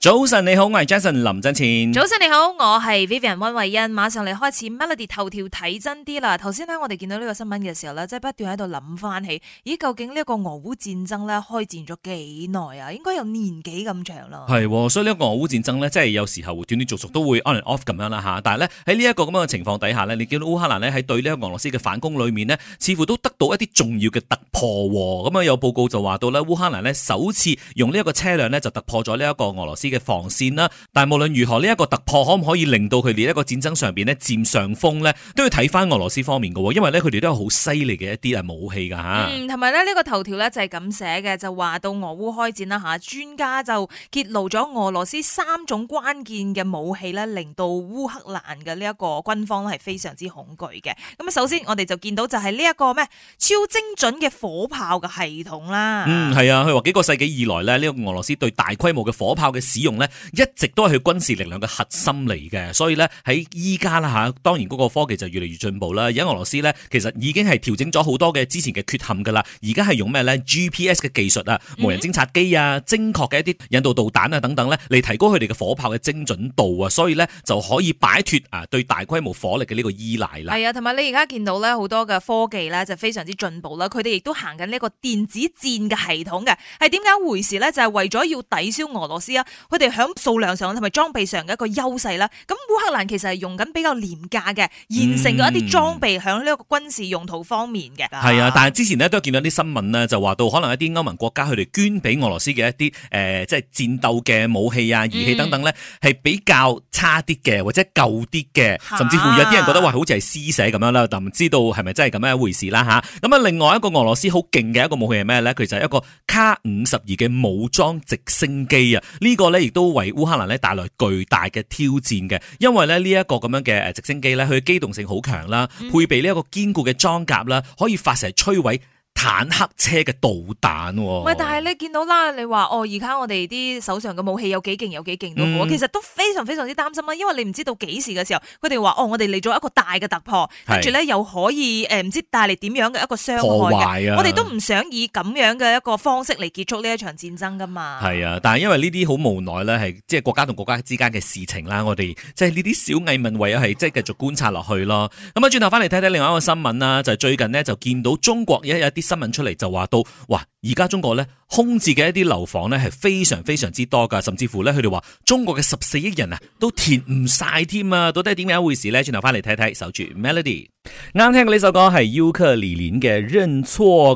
早晨你好，我係 Jason 林振前。早晨你好，我係 Vivian 溫慧欣。馬上嚟開始 Melody 頭條睇真啲啦。頭先咧，我哋見到呢個新聞嘅時候咧，即係不斷喺度諗翻起，咦，究竟呢一個俄烏戰爭咧開戰咗幾耐啊？應該有年幾咁長咯，係、哦，所以呢個俄烏戰爭咧，即係有時候斷斷續續都會 on and off 咁樣啦吓。但係咧喺呢一個咁樣嘅情況底下咧，你見到烏克蘭咧喺對呢個俄羅斯嘅反攻裏面咧，似乎都得到一啲重要嘅突破。咁、嗯、啊有報告就話到咧，烏克蘭咧首次用呢一個車輛咧就突破咗呢一個俄羅斯嘅防線啦，但係無論如何呢一個突破可唔可以令到佢哋呢一個戰爭上邊咧佔上風呢？都要睇翻俄羅斯方面嘅，因為呢，佢哋都有好犀利嘅一啲啊武器噶吓，嗯，同埋呢，呢個頭條呢就係咁寫嘅，就話到俄烏開戰啦吓，專家就揭露咗俄羅斯三種關鍵嘅武器呢，令到烏克蘭嘅呢一個軍方咧係非常之恐懼嘅。咁首先我哋就見到就係呢一個咩超精準嘅火炮嘅系統啦，嗯，係啊，佢話幾個世紀以來呢，呢呢個俄羅斯對大規模嘅火炮嘅。使用咧一直都係佢軍事力量嘅核心嚟嘅，所以呢，喺依家啦嚇，當然嗰個科技就越嚟越進步啦。而家俄羅斯呢，其實已經係調整咗好多嘅之前嘅缺陷噶啦，而家係用咩呢 GPS 嘅技術啊、無人偵察機啊、精確嘅一啲引導導彈啊等等呢，嚟提高佢哋嘅火炮嘅精準度啊，所以呢，就可以擺脱啊對大規模火力嘅呢個依賴啦。係啊，同埋你而家見到呢好多嘅科技呢，就非常之進步啦，佢哋亦都行緊呢一個電子戰嘅系統嘅，係點解回事呢？就係為咗要抵消俄羅斯啊。佢哋響數量上同埋裝備上嘅一個優勢啦，咁烏克蘭其實係用緊比較廉價嘅現成嘅一啲裝備響呢個軍事用途方面嘅。係、嗯、啊，但係之前咧都見到啲新聞咧，就話到可能一啲歐盟國家佢哋捐俾俄羅斯嘅一啲誒、呃、即係戰鬥嘅武器啊、儀器等等咧，係比較差啲嘅，或者舊啲嘅，甚至乎有啲人覺得話好似係施捨咁樣啦，但唔知道係咪真係咁樣一回事啦、啊、吓，咁啊，另外一個俄羅斯好勁嘅一個武器係咩咧？佢就係一個卡五十二嘅武裝直升機啊，這個、呢個。咧亦都為烏克蘭咧帶來巨大嘅挑戰嘅，因為咧呢一個咁樣嘅誒直升機咧，佢機動性好強啦，配備呢一個堅固嘅裝甲啦，可以發射摧毀坦克車嘅導彈，唔係，但係你見到啦，你話哦，而家我哋啲手上嘅武器有幾勁，有幾勁都好，嗯、其實都非常非常之擔心啊，因為你唔知道幾時嘅時候，佢哋話哦，我哋嚟咗一個大嘅突破，跟住咧又可以誒，唔、呃、知帶嚟點樣嘅一個傷害破壞，啊、我哋都唔想以咁樣嘅一個方式嚟結束呢一場戰爭噶嘛。係啊，但係因為呢啲好無奈咧，係即係國家同國家之間嘅事情啦，我哋即係呢啲小市民，唯有係即係繼續觀察落去咯。咁啊，轉頭翻嚟睇睇另外一個新聞啦，就係、是、最近呢，就見到中國有一啲。新聞出嚟就話到，哇！而家中國咧空置嘅一啲樓房咧係非常非常之多噶，甚至乎咧佢哋話中國嘅十四億人啊都填唔晒添啊！到底係點樣一回事咧？轉頭翻嚟睇睇，守住 Melody。啱聽嘅呢首歌係優客李林嘅《認錯》。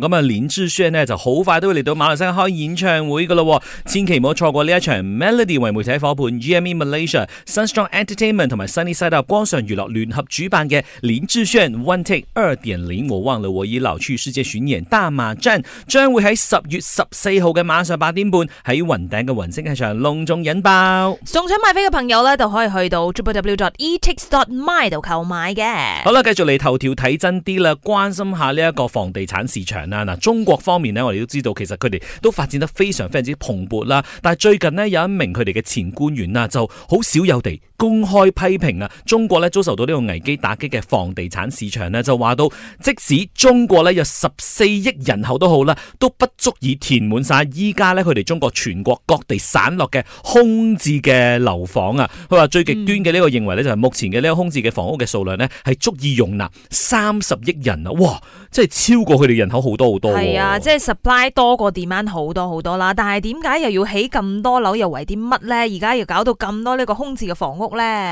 咁啊，林志炫呢就好快都會嚟到馬來西亞開演唱會噶啦，千祈唔好錯過呢一場 Melody 為媒體伙伴 GME Malaysia Sunstrong Entertainment 同埋 Sunny Side Up 光尚娛樂聯合主辦嘅林志炫 One Take 二點零，我忘了我已老去世界巡演大馬站將會喺。十月十四號嘅晚上八點半喺雲頂嘅雲星劇場隆重引爆，仲想買飛嘅朋友呢，就可以去到 www.etix.my 度購買嘅。好啦，繼續嚟頭條睇真啲啦，關心下呢一個房地產市場啦。嗱，中國方面呢，我哋都知道，其實佢哋都發展得非常非常之蓬勃啦。但係最近呢，有一名佢哋嘅前官員啦，就好少有地。公開批評啊！中國咧遭受到呢個危機打擊嘅房地產市場咧，就話到即使中國咧有十四億人口都好啦，都不足以填滿晒。依家咧佢哋中國全國各地散落嘅空置嘅樓房啊！佢話最極端嘅呢個認為咧，就係目前嘅呢個空置嘅房屋嘅數量咧，係足以容納三十億人啊！哇，即係超過佢哋人口好多好多。係啊，即係 supply 多過 demand 好多好多啦。但係點解又要起咁多樓，又為啲乜呢？而家又搞到咁多呢個空置嘅房屋？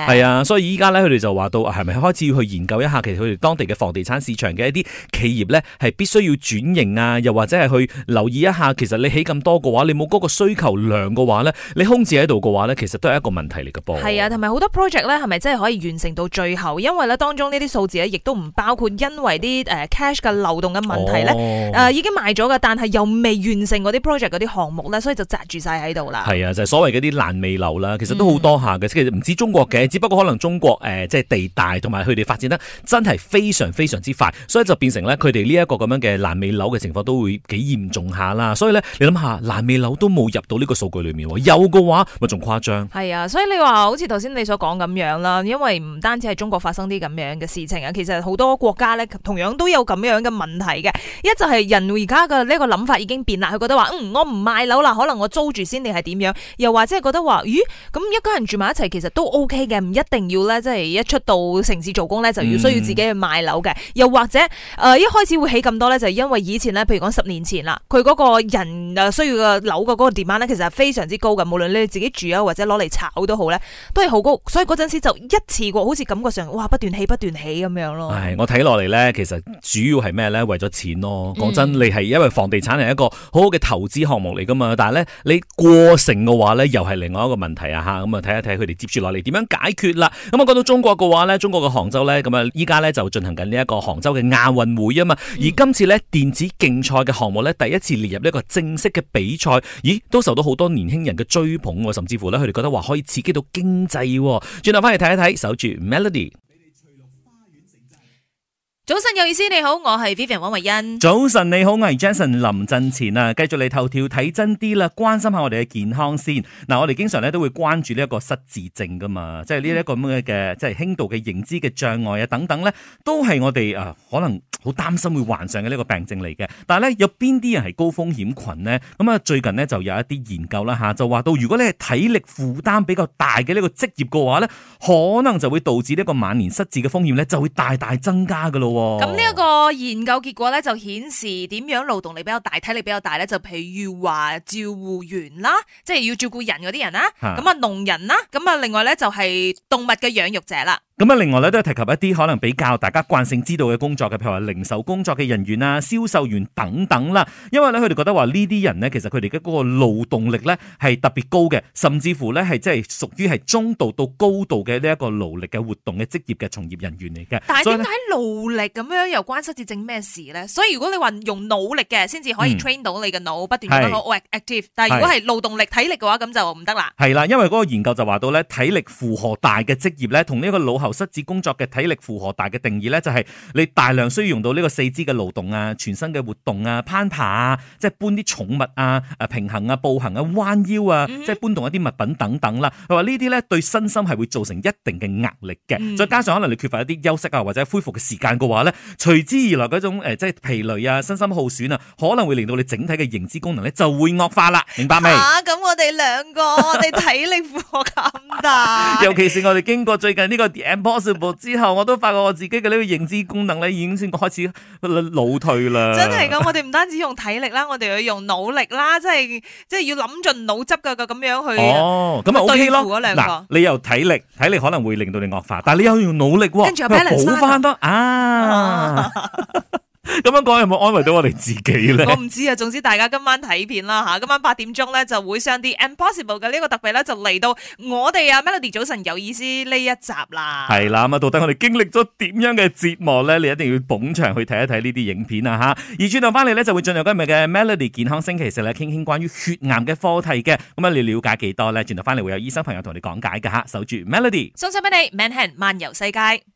係啊，所以依家咧佢哋就話到係咪開始要去研究一下，其實佢哋當地嘅房地產市場嘅一啲企業咧，係必須要轉型啊，又或者係去留意一下，其實你起咁多嘅話，你冇嗰個需求量嘅話咧，你空置喺度嘅話咧，其實都係一個問題嚟嘅噃。係啊，同埋好多 project 咧，係咪真係可以完成到最後？因為咧當中呢啲數字咧，亦都唔包括因為啲誒 cash 嘅流動嘅問題咧、哦呃，已經賣咗嘅，但係又未完成嗰啲 project 嗰啲項目咧，所以就窒住晒喺度啦。係啊，就係、是、所謂嗰啲爛尾樓啦，其實都好多下嘅，唔、嗯、知。中國嘅，只不過可能中國誒、呃，即係地大，同埋佢哋發展得真係非常非常之快，所以就變成咧，佢哋呢一個咁樣嘅爛尾樓嘅情況都會幾嚴重下啦。所以咧，你諗下，爛尾樓都冇入到呢個數據裏面，有嘅話咪仲誇張。係啊，所以你話好似頭先你所講咁樣啦，因為唔單止係中國發生啲咁樣嘅事情啊，其實好多國家咧同樣都有咁樣嘅問題嘅。一就係人而家嘅呢個諗法已經變啦，佢覺得話嗯，我唔買樓啦，可能我租住先定係點樣，又或者係覺得話咦，咁一家人住埋一齊其實都。O K 嘅，唔、okay、一定要咧，即係一出到城市做工咧，就要需要自己去賣樓嘅，嗯、又或者誒、呃，一開始會起咁多咧，就係因為以前咧，譬如講十年前啦，佢嗰個人誒需要嘅樓嘅嗰個 demand 其實係非常之高嘅，無論你自己住啊，或者攞嚟炒都好咧，都係好高。所以嗰陣時就一次過，好似感覺上哇，不斷起，不斷起，不斷起咁樣咯。我睇落嚟咧，其實主要係咩咧？為咗錢咯。講真你，你係、嗯、因為房地產係一個好好嘅投資項目嚟噶嘛？但係咧，你過剩嘅話咧，又係另外一個問題啊吓。咁啊，睇一睇佢哋接住落嚟。點樣解決啦？咁、嗯、啊，講到中國嘅話呢，中國嘅杭州呢，咁啊，依家呢就進行緊呢一個杭州嘅亞運會啊嘛。而今次呢電子競賽嘅項目呢，第一次列入一個正式嘅比賽，咦，都受到好多年輕人嘅追捧，甚至乎呢，佢哋覺得話可以刺激到經濟、哦。轉頭翻嚟睇一睇，守住 Melody。早晨有意思，你好，我係 Vivian 黃慧欣。早晨你好，我係 Jason。臨陣前啊，繼續嚟，頭條睇真啲啦，關心下我哋嘅健康先。嗱、呃，我哋經常咧都會關注呢一個失智症噶嘛，即係呢一個咁嘅嘅，即係輕度嘅認知嘅障礙啊等等咧，都係我哋啊、呃、可能好擔心會患上嘅呢個病症嚟嘅。但係咧，有邊啲人係高風險群呢？咁啊，最近呢，就有一啲研究啦吓、啊，就話到，如果你係體力負擔比較大嘅呢個職業嘅話咧，可能就會導致呢一個晚年失智嘅風險咧就會大大大增加噶咯。咁呢一個研究結果咧就顯示，點樣勞動力比較大、體力比較大咧？就譬如話照護員啦，即係要照顧人嗰啲人啦，咁啊農人啦，咁啊另外咧就係動物嘅養育者啦。咁啊，另外咧都係提及一啲可能比較大家慣性知道嘅工作嘅，譬如話零售工作嘅人員啦、銷售員等等啦。因為咧佢哋覺得話呢啲人咧，其實佢哋嘅嗰個勞動力咧係特別高嘅，甚至乎咧係即係屬於係中度到高度嘅呢一個勞力嘅活動嘅職業嘅從業人員嚟嘅。但係點解勞力咁樣又關失智症咩事咧？所以如果你話用腦力嘅先至可以 train 到你嘅腦，嗯、不斷咁樣 active，但係如果係勞動力體力嘅話，咁就唔得啦。係啦，因為嗰個研究就話到咧，體力負荷大嘅職業咧，同呢一個腦。頭失質工作嘅體力負荷大嘅定義咧，就係你大量需要用到呢個四肢嘅勞動啊、全身嘅活動啊、攀爬啊、即係搬啲重物啊、誒平衡啊、步行啊、彎腰啊、嗯、即係搬動一啲物品等等啦。佢話呢啲咧對身心係會造成一定嘅壓力嘅，再加上可能你缺乏一啲休息啊或者恢復嘅時間嘅話咧，隨之而來嗰種誒即係疲累啊、身心耗損啊，可能會令到你整體嘅認知功能咧就會惡化啦。明白未？吓咁、啊，我哋兩個 我哋體力負荷咁大， 尤其是我哋經過最近呢、這個。post 播之後，我都發覺我自己嘅呢個認知功能咧，已經先開始老退啦。真係咁，我哋唔單止用體力啦，我哋要用腦力啦，即係即係要諗盡腦汁嘅個咁樣去。哦，咁咪 OK 咯。嗱，你有體力，體力可能會令到你惡化，但係你又要努力喎，要補翻得啊。 咁樣講有冇安慰到我哋自己咧？ 我唔知啊，總之大家今晚睇片啦吓，今晚八點鐘咧就會上啲 Impossible 嘅呢個特別咧就嚟到我哋啊 Melody 早晨有意思呢一集啦。係啦、啊，咁啊到底我哋經歷咗點樣嘅折磨咧？你一定要捧場去睇一睇呢啲影片啊吓。而轉頭翻嚟咧就會進入今日嘅 Melody 健康星期四咧，傾傾關於血癌嘅課題嘅。咁啊你了解幾多咧？轉頭翻嚟會有醫生朋友同你講解噶吓，守住 Melody。送上俾你 Manhattan 漫遊世界。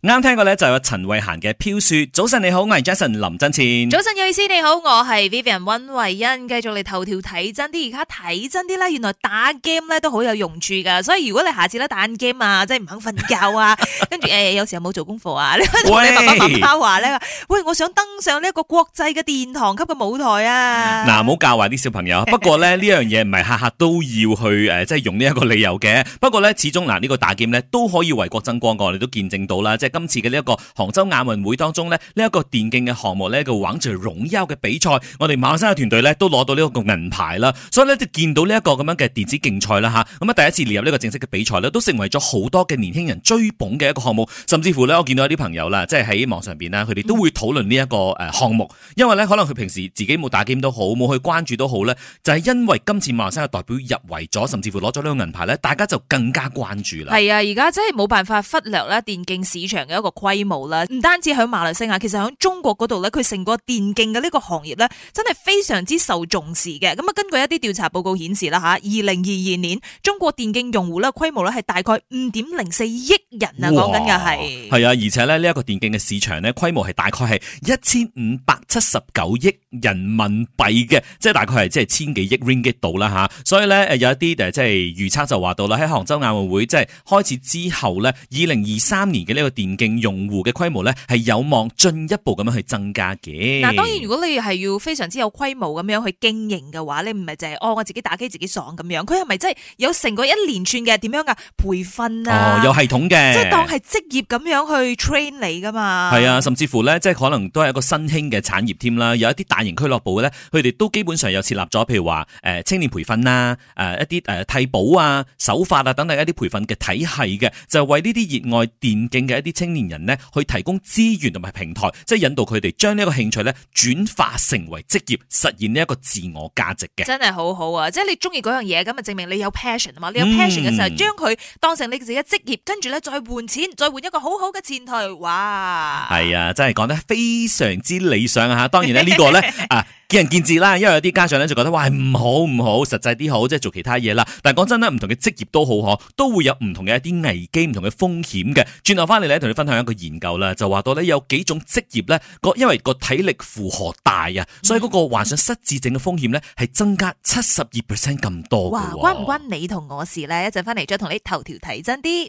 啱聽過咧就係陳慧嫻嘅飄雪。早晨你好，我係 Jason 林真前。早晨嘅律師你好，我係 Vivian 溫慧欣。繼續嚟頭條睇真啲，而家睇真啲啦。原來打 game 咧都好有用處噶，所以如果你下次咧打 game 啊，即係唔肯瞓覺啊， 跟住誒、欸，有時候冇做功課啊， 你，你爸爸爸爸話咧，喂，我想登上呢一個國際嘅殿堂級嘅舞台啊。嗱，唔好教壞啲小朋友。 不過咧呢樣嘢唔係下下都要去誒，即係用呢一個理由嘅。不過咧始終嗱呢個打 game 咧都可以為國爭光噶，你都見證到啦，即係。今次嘅呢一個杭州亞運會當中呢，呢、這、一個電競嘅項目咧嘅王者榮耀嘅比賽，我哋馬來西亞嘅團隊呢，都攞到呢一個銀牌啦，所以呢，就見到呢一個咁樣嘅電子競賽啦吓，咁啊、嗯、第一次列入呢個正式嘅比賽呢，都成為咗好多嘅年輕人追捧嘅一個項目，甚至乎呢，我見到有啲朋友啦，即係喺網上邊呢，佢哋都會討論呢一個誒項目，因為呢，可能佢平時自己冇打機都好，冇去關注都好呢，就係、是、因為今次馬來西亞嘅代表入圍咗，甚至乎攞咗呢個銀牌呢，大家就更加關注啦。係啊，而家真係冇辦法忽略啦，電競市場。嘅一個規模啦，唔單止響馬來西亞，其實響中國嗰度咧，佢成個電競嘅呢個行業咧，真係非常之受重視嘅。咁啊，根據一啲調查報告顯示啦，吓，二零二二年中國電競用戶咧規模咧係大概五點零四億人啊，講緊嘅係係啊，而且咧呢一個電競嘅市場咧規模係大概係一千五百七十九億人民幣嘅，即係大概係即係千幾億 ringgit 度啦吓，所以咧，誒有一啲誒即係預測就話到啦，喺杭州亞運會即係開始之後咧，二零二三年嘅呢個電。電競用戶嘅規模咧，係有望進一步咁樣去增加嘅。嗱，當然如果你係要非常之有規模咁樣去經營嘅話，你唔係淨係哦我自己打機自己爽咁樣，佢係咪真係有成個一連串嘅點樣噶培訓啊？哦，有系統嘅，即係當係職業咁樣去 train 你噶嘛？係啊，甚至乎咧，即係可能都係一個新興嘅產業添啦。有一啲大型俱樂部咧，佢哋都基本上有設立咗，譬如話誒、呃、青年培訓啦，誒、呃、一啲誒、替補啊、手法啊等等一啲培訓嘅體系嘅，就為呢啲熱愛電競嘅一啲。青年人咧，去提供資源同埋平台，即係引導佢哋將呢一個興趣咧轉化成為職業，實現呢一個自我價值嘅。真係好好啊！即係你中意嗰樣嘢，咁啊證明你有 passion 啊嘛！你有 passion 嘅時候，嗯、將佢當成你自己嘅職業，跟住咧再換錢，再換一個好好嘅前途。哇！係啊，真係講得非常之理想啊！嚇，當然咧呢個咧啊。 見仁見智啦，因為有啲家長咧就覺得話唔好唔好，實際啲好，即係做其他嘢啦。但係講真咧，唔同嘅職業都好嗬，都會有唔同嘅一啲危機、唔同嘅風險嘅。轉頭翻嚟咧，同你分享一個研究啦，就話到咧有幾種職業咧個，因為個體力負荷大啊，所以嗰個患上失智症嘅風險咧係增加七十二 percent 咁多。哇，關唔關你同我事咧？一陣翻嚟再同你頭條睇真啲。